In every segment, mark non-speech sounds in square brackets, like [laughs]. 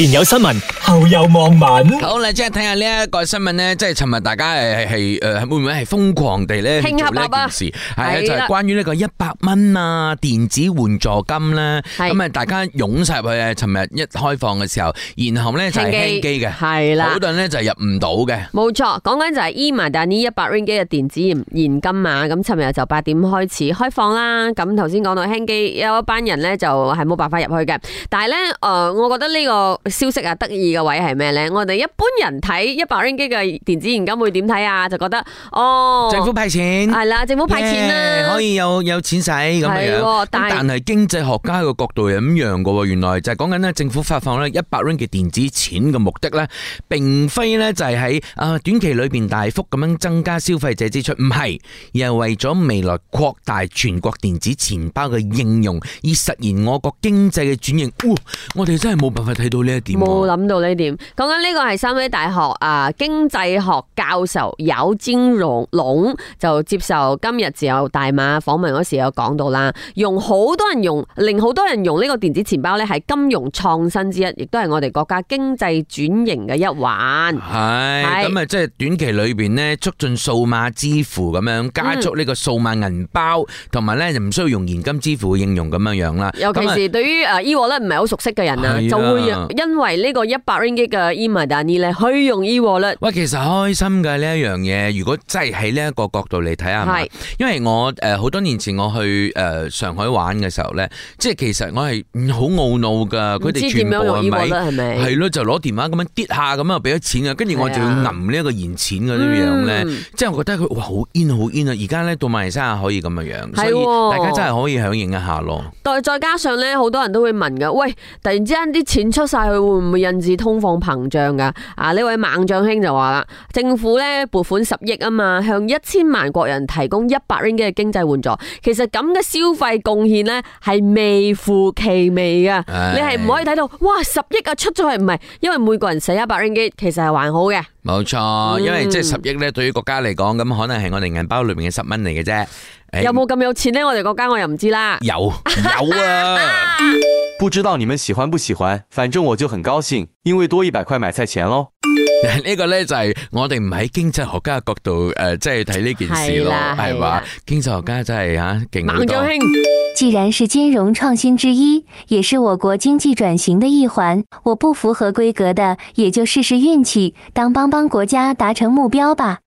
前有新聞，後有網民。好啦，即係睇下呢一個新聞咧，即係尋日大家係係誒，會唔會係瘋狂地咧做呢一件事？係、啊、就係、是、關於呢個一百蚊啊，電子援助金咧。咁啊，大家湧入去啊，尋日一開放嘅時候，然後咧就係輕機嘅，係啦，好多人咧就入唔到嘅。冇錯，講緊就係 e 埋但呢一百 ring 機嘅電子現現金碼。咁尋日就八點開始開放啦。咁頭先講到輕機有一班人咧就係、是、冇辦法入去嘅，但係咧誒，我覺得呢、這個。消息啊，得意嘅位係咩咧？我哋一般人睇一百 ringgit 嘅電子現金會點睇啊？就覺得哦，政府派錢係啦，政府派錢咧、啊，yeah, 可以有有錢使咁樣子、哦、但係經濟學家嘅角度係咁樣嘅， [laughs] 原來就係講緊咧，政府發放咧一百 r i n g 嘅電子錢嘅目的咧，並非咧就係喺啊短期裏邊大幅咁樣增加消費者支出，唔係，而係為咗未來擴大全國電子錢包嘅應用，以實現我國經濟嘅轉型。哇！我哋真係冇辦法睇到呢冇諗到呢點，講緊呢個係三威大學啊，經濟學教授有尖龍就接受今日自由大馬訪問嗰時有講到啦，用好多人用，令好多人用呢個電子錢包咧係金融創新之一，亦都係我哋國家經濟轉型嘅一環。係咁啊，即係短期裏邊呢，促進數碼支付咁樣，加速呢個數碼銀包，同埋咧就唔需要用現金支付嘅應用咁樣樣啦。尤其是對於誒 E 我咧唔係好熟悉嘅人啊，就會。因為個呢個一百 ringgit 嘅 email，大妮咧可以用 e-wallet。喂，其實開心嘅呢一樣嘢，如果真係喺呢一個角度嚟睇下，係。因為我誒好、呃、多年前我去誒、呃、上海玩嘅時候咧，即係其實我係好懊惱噶。佢哋全部係咪？係咪？係咯，就攞電話咁樣跌下咁啊，俾咗錢啊，跟住我就要揞呢一個現錢嗰啲樣咧。嗯、即係我覺得佢哇好 in 好 in 啊！而家咧到馬來西亞可以咁嘅樣，所以大家真係可以響應一下咯。再、哦、再加上咧，好多人都會問噶，喂，突然之間啲錢出晒。」佢會唔會引致通貨膨脹噶？啊，呢位猛將兄就話啦，政府咧撥款十億啊嘛，向一千萬國人提供一百 ringgit 嘅經濟援助。其實咁嘅消費貢獻咧係微乎其微嘅。你係唔可以睇到，哇，十億啊出咗去唔係？因為每個人使一百 ringgit，其實係還好嘅。冇錯，因為即係十億咧，對於國家嚟講，咁可能係我哋銀包裏面嘅十蚊嚟嘅啫。有冇咁有錢咧？我哋國家我又唔知啦。有有啊。不知道你們喜歡不喜歡，反正我就很高興，因為多一百塊買菜錢嘍。這呢個呢，就係我哋唔喺經濟學家的角度，呃，即係睇呢件事咯，係嘛？經濟學家真係啊，勁好多。孟既然是金融創新之一，也是我國經濟轉型的一環，我不符合規格的，也就試試運氣，當幫幫國家達成目標吧。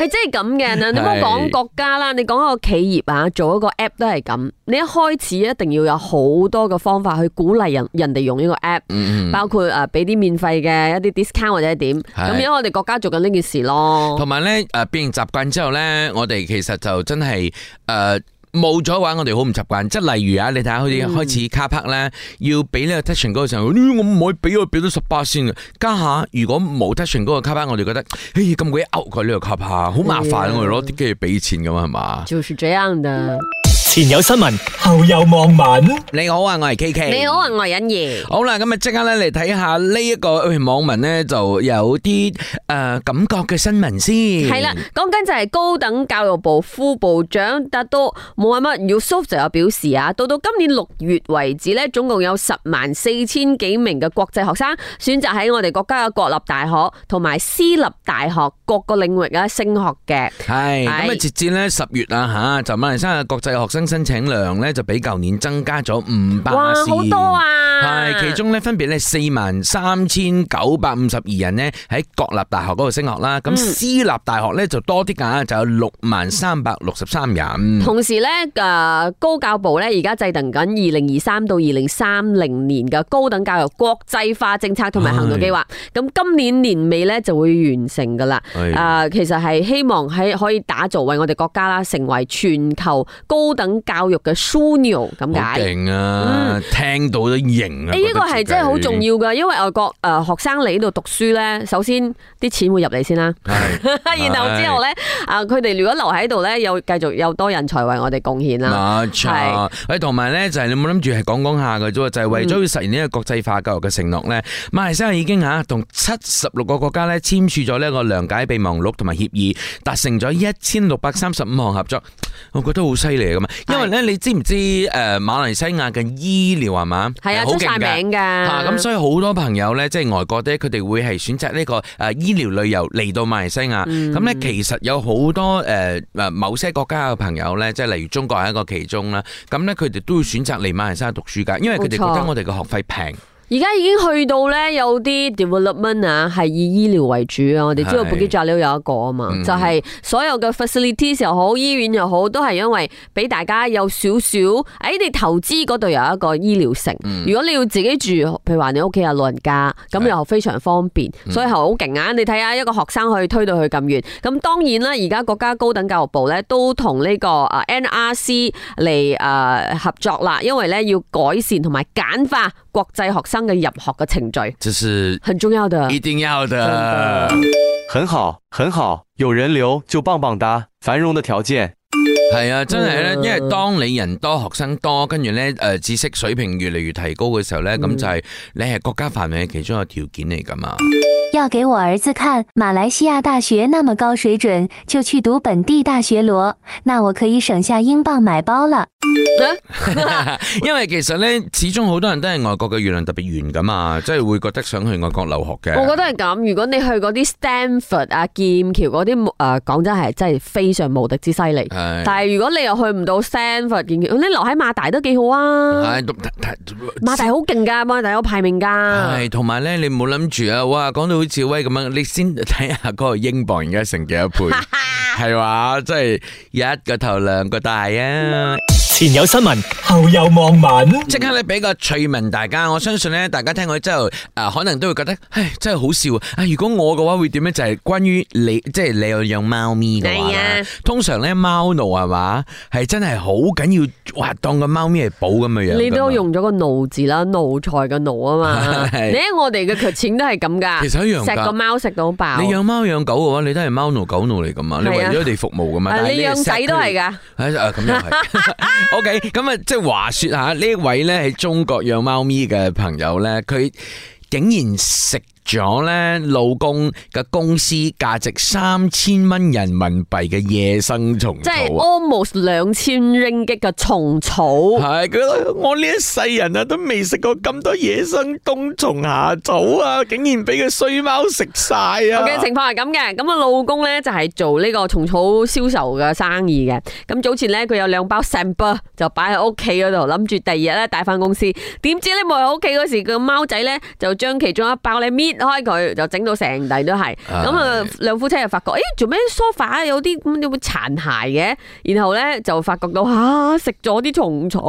係真係咁嘅，你唔好講國家啦，你講一個企業啊，做一個 app 都係咁。你一開始一定要有好多嘅方法去鼓勵人人哋用呢個 app，包括誒俾啲免費嘅一啲 discount 或者點。咁因為我哋國家做緊呢件事咯，同埋咧誒，變成習慣之後咧，我哋其實就真係誒。冇咗嘅話，我哋好唔習慣。即係例如啊，你睇下好似開始卡拍咧，要俾呢個 touching 嗰個時候，嗯哎、我唔可以俾我俾到十八先嘅。家下如果冇 touching 嗰個卡拍，我哋覺得，哎，咁鬼 out 佢呢個卡拍好麻煩，我哋攞啲機要俾錢咁啊，係嘛？就是這樣嘅。前有新聞，後有網民。你好啊，我係 KK。你好啊，我係欣怡。好啦，咁呢即刻嚟睇下呢一個網民呢就有啲呃，感覺嘅新聞先。10 [noise] 嗯, [noise] 申請量咧就比舊年增加咗五百，哇，好多啊！係其中咧分別咧四萬三千九百五十二人呢，喺國立大學嗰度升學啦，咁、嗯、私立大學咧就多啲噶，就有六萬三百六十三人。同時咧，誒、呃，高教部咧而家制定緊二零二三到二零三零年嘅高等教育國際化政策同埋行動計劃，咁今年年尾咧就會完成噶啦。誒、呃，其實係希望喺可以打造為我哋國家啦，成為全球高等。教育嘅樞紐咁解，好勁啊！聽到都型啊！呢一個係真係好重要噶，因為外國誒學生嚟呢度讀書咧，首先啲錢會入嚟先啦，係，然後之後咧，啊，佢哋如果留喺度咧，又繼續有多人才為我哋貢獻啦，係，喂，同埋咧就係你冇諗住係講講下嘅啫喎，就係為咗要實現呢個國際化教育嘅承諾咧，馬來西亞已經吓同七十六個國家咧簽署咗呢個諒解備忘錄同埋協議，達成咗一千六百三十五項合作。我覺得好犀利啊！嘛！因為咧，你知唔知誒、呃，馬來西亞嘅醫療係嘛，係啊，好晒名噶。吓咁，所以好多朋友咧，即係外國啲，佢哋會係選擇呢、這個誒、呃、醫療旅遊嚟到馬來西亞。咁、嗯、咧，其實有好多誒誒、呃、某些國家嘅朋友咧，即係例如中國係一個其中啦。咁咧，佢哋都會選擇嚟馬來西亞讀書噶，因為佢哋覺得我哋嘅學費平。而家已經去到咧，有啲 development 啊，係以醫療為主啊！我哋知道 Bukit Jalil 有一個啊嘛，是嗯、就係所有嘅 facilities 又好，醫院又好，都係因為俾大家有少少，誒、哎，你投資嗰度有一個醫療城。嗯、如果你要自己住，譬如話你屋企有老人家，咁又非常方便，嗯、所以好勁啊！你睇下一個學生可以推到去咁遠，咁當然啦，而家國家高等教育部咧都同呢個 NRC 嚟誒合作啦，因為咧要改善同埋簡化。國際學生嘅入學嘅程序，這是很重要的，一定要的、啊。很好，很好，有人流就棒棒噠，繁榮的條件。係啊，真係咧，因為當你人多，學生多，跟住咧誒，知識水平越嚟越提高嘅時候咧，咁、嗯、就係你係國家繁榮嘅其中一個條件嚟噶嘛。要給我兒子看馬來西亞大學那麼高水準，就去讀本地大學咯。那我可以省下英鎊買包了、哎、 [laughs] [laughs] 因為其實呢，始終好多人都係外國嘅月亮特別圓咁嘛，即係會覺得想去外國留學嘅。我覺得係咁，如果你去嗰啲 Stanford 啊劍橋嗰啲，誒、呃、講真係真係非常無敵之犀利。係。但係如果你又去唔到 Stanford 劍橋，你留喺馬大都幾好啊。係。馬大好勁噶，馬大有排名噶。係。同埋呢，你冇諗住啊，哇講到。好似威咁樣，你先睇下嗰個英鎊而家成幾多倍，係話即係一個頭兩個大啊！前有新聞，後有網民，即刻咧俾個趣聞大家。我相信咧，大家聽過之後，誒，可能都會覺得，唉，真係好笑啊！如果我嘅話會點咧？就係關於你，即係你有養貓咪嘅話咧，通常咧貓奴係嘛，係真係好緊要哇！當個貓咪係寶咁嘅樣，你都用咗個奴字啦，奴才嘅奴啊嘛。你我哋嘅錢都係咁噶。其實一樣噶，食個貓食到飽。你養貓養狗嘅話，你都係貓奴狗奴嚟噶嘛？你為咗佢哋服務噶嘛？你養仔都係噶。誒，咁樣係。OK，咁啊，即係話說吓呢一位咧，係中國養貓咪嘅朋友咧，佢竟然食咗咧，老公嘅公司價值三千蚊人民幣嘅野生蟲草，即係 almost 兩千英斤嘅蟲草。係佢我呢一世人啊，都未食過咁多野生冬蟲夏草啊，竟然俾個衰貓食晒啊！嘅情況係咁嘅，咁啊，老公咧就係做呢個蟲草銷售嘅生意嘅。咁早前咧，佢有兩包石包就擺喺屋企嗰度，諗住第二日咧帶翻公司。點知咧冇喺屋企嗰時，個貓仔咧就將其中一包咧搣。開佢就到整到成地都係，咁啊兩夫妻又發覺，誒做咩梳化？有啲咁有冇殘骸嘅？然後咧就發覺到吓食咗啲蟲草，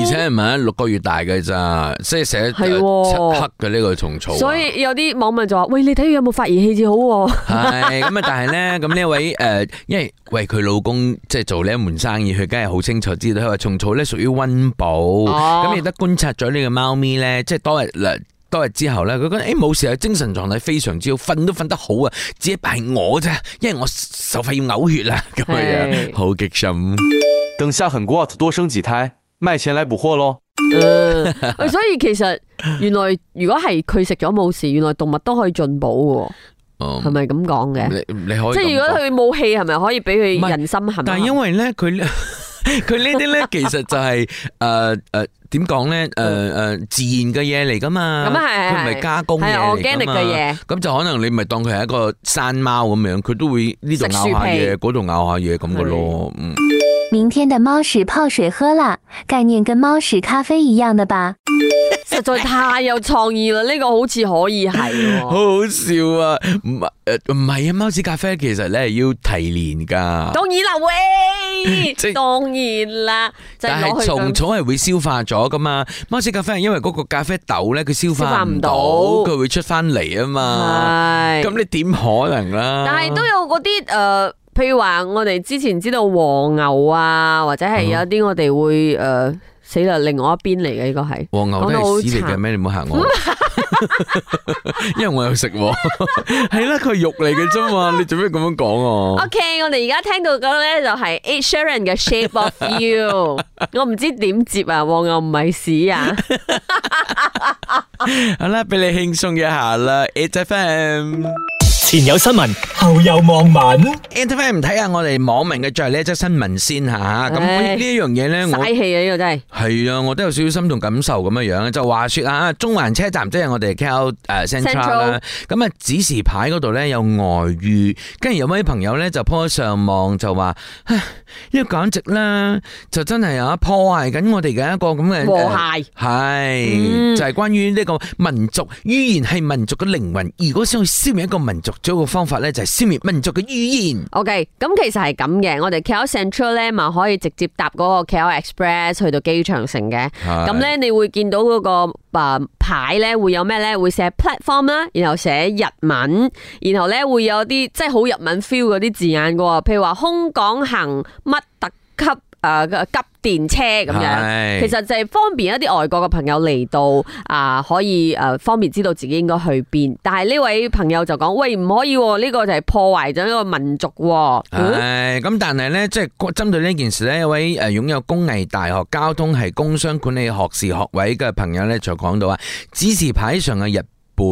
而且唔係六個月大嘅咋？即係食得七克嘅呢個蟲草，所以有啲網民就話：，喂，你睇佢有冇發熱氣至好？係咁啊！但係咧，咁 [laughs] 呢位誒、呃，因為喂佢老公即係、就是、做呢一門生意，佢梗係好清楚知道，佢話蟲草咧屬於溫補，咁亦都觀察咗呢個貓咪咧，即、就、係、是、多日。多日之後咧，佢講：誒冇事啊，精神狀態非常之好，瞓都瞓得好啊，只係我啫，因為我受罰要嘔血啦，咁樣。好激心。等下狠瓜多生幾胎，賣錢來補貨咯。所以其實原來如果係佢食咗冇事，原來動物都可以進補喎。係咪咁講嘅？即係如果佢冇氣，係咪可以俾佢人心係咪？但係因為咧，佢。佢呢啲咧，其實就係誒誒點講咧？誒、呃、誒、呃呃呃，自然嘅嘢嚟噶嘛。咁係佢唔係加工嘢嚟噶嘛，我精力嘅嘢。咁就可能你唔係當佢係一個山貓咁樣，佢都會呢度咬下嘢，嗰度咬下嘢咁噶咯。嗯。明天的貓屎泡水喝了，概念跟貓屎咖啡一樣的吧？ [laughs] 實在太有創意啦！呢個好似可以係， [laughs] 好好笑啊！唔誒唔係啊，貓屎咖啡其實你要提煉噶，當然啦，喂當然啦、就係。但係蟲草係會消化咗噶嘛？貓 [laughs] 屎咖啡係因為嗰個咖啡豆咧，佢消化唔到，佢會出翻嚟啊嘛。咁你點可能啦？但係都有嗰啲誒。呃譬如話我哋之前知道黃牛啊，或者係有啲我哋會誒、呃、死啦，另外一邊嚟嘅呢個係黃牛都係屎嚟嘅，咩你唔好嚇我， [laughs] [laughs] 因為我有食喎，係 [laughs] 啦佢係肉嚟嘅啫嘛，你做咩咁樣講啊？OK，我哋而家聽到嘅咧就係 Ed Sheeran 嘅 [laughs] Shape of You，我唔知點接啊，黃牛唔係屎啊， [laughs] 好啦，俾你輕鬆一下啦，It FM。前有新聞，後有網民。Ant Man 唔睇下我哋網民嘅最後呢一則新聞先吓，咁呢一樣嘢咧，我睇氣啊！呢個真係係啊，我都有少少心痛感受咁樣樣。就話說啊，中環車站即係我哋 Call 誒 Central 啦。咁啊指示牌嗰度咧有外語，跟住有位朋友咧就 post 上網就話：，呢個簡直啦，就真係啊破壞緊我哋嘅一個咁嘅和諧。係就係關於呢個民族，語言係民族嘅靈魂。如果想去消滅一個民族，最好方法咧就係消滅民族嘅語言。OK，咁其實係咁嘅，我哋 KL Central 咧，咪可以直接搭嗰個 KL Express 去到機場城嘅。咁咧你會見到嗰個牌咧會有咩咧？會寫 platform 啦，然後寫日文，然後咧會有啲即係好日文 feel 嗰啲字眼嘅喎，譬如話空港行乜特級。誒、啊，急電車咁樣，其實就係方便一啲外國嘅朋友嚟到啊，可以誒、啊、方便知道自己應該去邊。但係呢位朋友就講：喂，唔可以呢、啊這個就係破壞咗一個民族、啊。係、嗯、咁，但係呢，即係針對呢件事呢，一位誒擁有工藝大學交通系工商管理學士學位嘅朋友呢，就講到啊，指示牌上嘅日。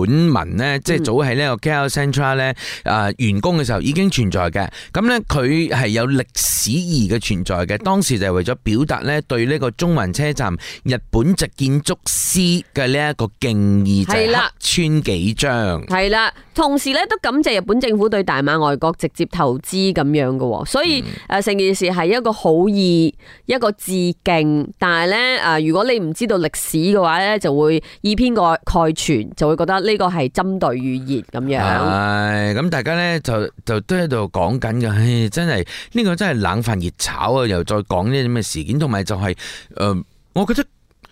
本文呢，即、就、係、是、早喺呢個 KL Central 咧，呃，誒完工嘅時候已經存在嘅。咁咧，佢係有歷史意義嘅存在嘅。當時就係為咗表達咧對呢個中環車站日本籍建築師嘅呢一個敬意，就係、是、黑川紀章。係啦，同時咧都感謝日本政府對大馬外國直接投資咁樣嘅。所以誒，成件事係一個好意，一個致敬。但係咧，誒、呃、如果你唔知道歷史嘅話咧，就會以偏概蓋全，就會覺得。呢個係針對語言咁樣，係、哎、咁大家呢就就都喺度講緊唉，真係呢、這個真係冷飯熱炒啊！又再講呢啲咁嘅事件，同埋就係、是、誒、呃，我覺得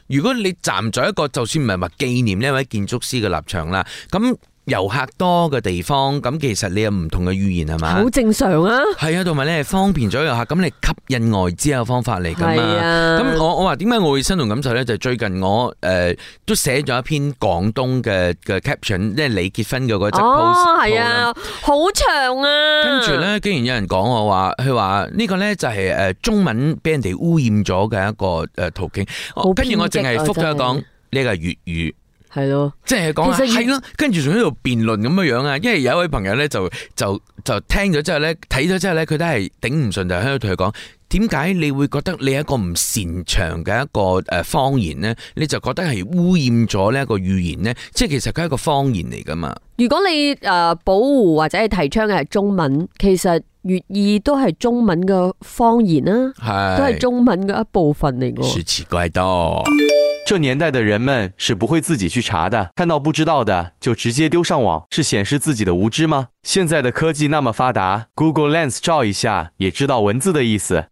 如果你站在一個就算唔係話紀念呢位建築師嘅立場啦，咁。遊客多嘅地方，咁其實你有唔同嘅語言係嘛？好正常啊！係啊，同埋你係方便咗遊客，咁你吸引外資嘅方法嚟噶嘛？咁、啊、我我話點解我會身同感受咧？就是、最近我誒、呃、都寫咗一篇廣東嘅嘅 caption，即係你結婚嘅嗰隻 post，係、哦、啊，好長啊！跟住咧，竟然有人講我話，佢話呢個咧就係誒中文俾人哋污染咗嘅一個誒途徑。跟住、啊、我淨係覆咗講呢個係粵語。係咯，即係講係咯，跟住仲喺度辯論咁嘅樣啊！因為有一位朋友咧，就就就聽咗之後咧，睇咗之後咧，佢都係頂唔順，就喺度同佢講：點解你會覺得你係一個唔擅長嘅一個誒方言咧，你就覺得係污染咗呢一個語言咧？即係其實佢係一個方言嚟噶嘛？如果你誒保護或者係提倡嘅係中文，其實粵語都係中文嘅方言啦，係都係中文嘅一部分嚟嘅。說詞怪多。這年代的人們是不會自己去查的，看到不知道的就直接丟上網，是顯示自己的無知嗎？現在的科技那麼發達，Google Lens 照一下也知道文字的意思。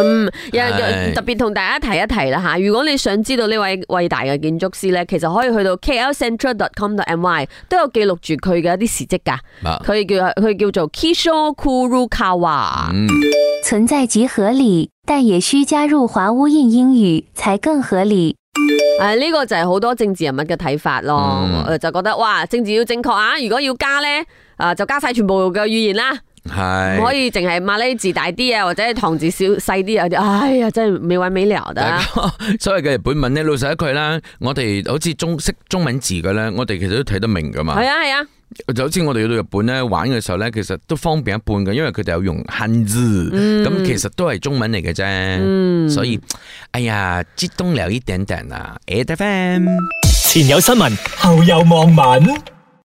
嗯，又又特別同大家提一提啦哈。如果你想知道這位偉大嘅建築師呢，其實可以去到 k l central dot com dot my 都有記錄住佢嘅一啲事蹟噶。佢叫佢叫做 Kisho Kurokawa，嗯，存在即合理，但也需加入華巫印英語才更合理。誒、哎，呢個就係好多政治人物嘅睇法咯。嗯、就覺得哇，政治要正確啊！如果要加咧、啊，就加晒全部嘅語言啦。係唔可以淨係馬來字大啲啊，或者唐字小細啲啊？哎呀，真係未玩未聊啊！所謂嘅日本文咧，老實一句啦，我哋好似中識中文字嘅咧，我哋其實都睇得明噶嘛。係啊係啊，就好似我哋去到日本咧玩嘅時候咧，其實都方便一半嘅，因為佢哋有用漢字，咁、嗯、其實都係中文嚟嘅啫。所以，哎呀，接東聊一點點啊 e 前有新聞，後有網民。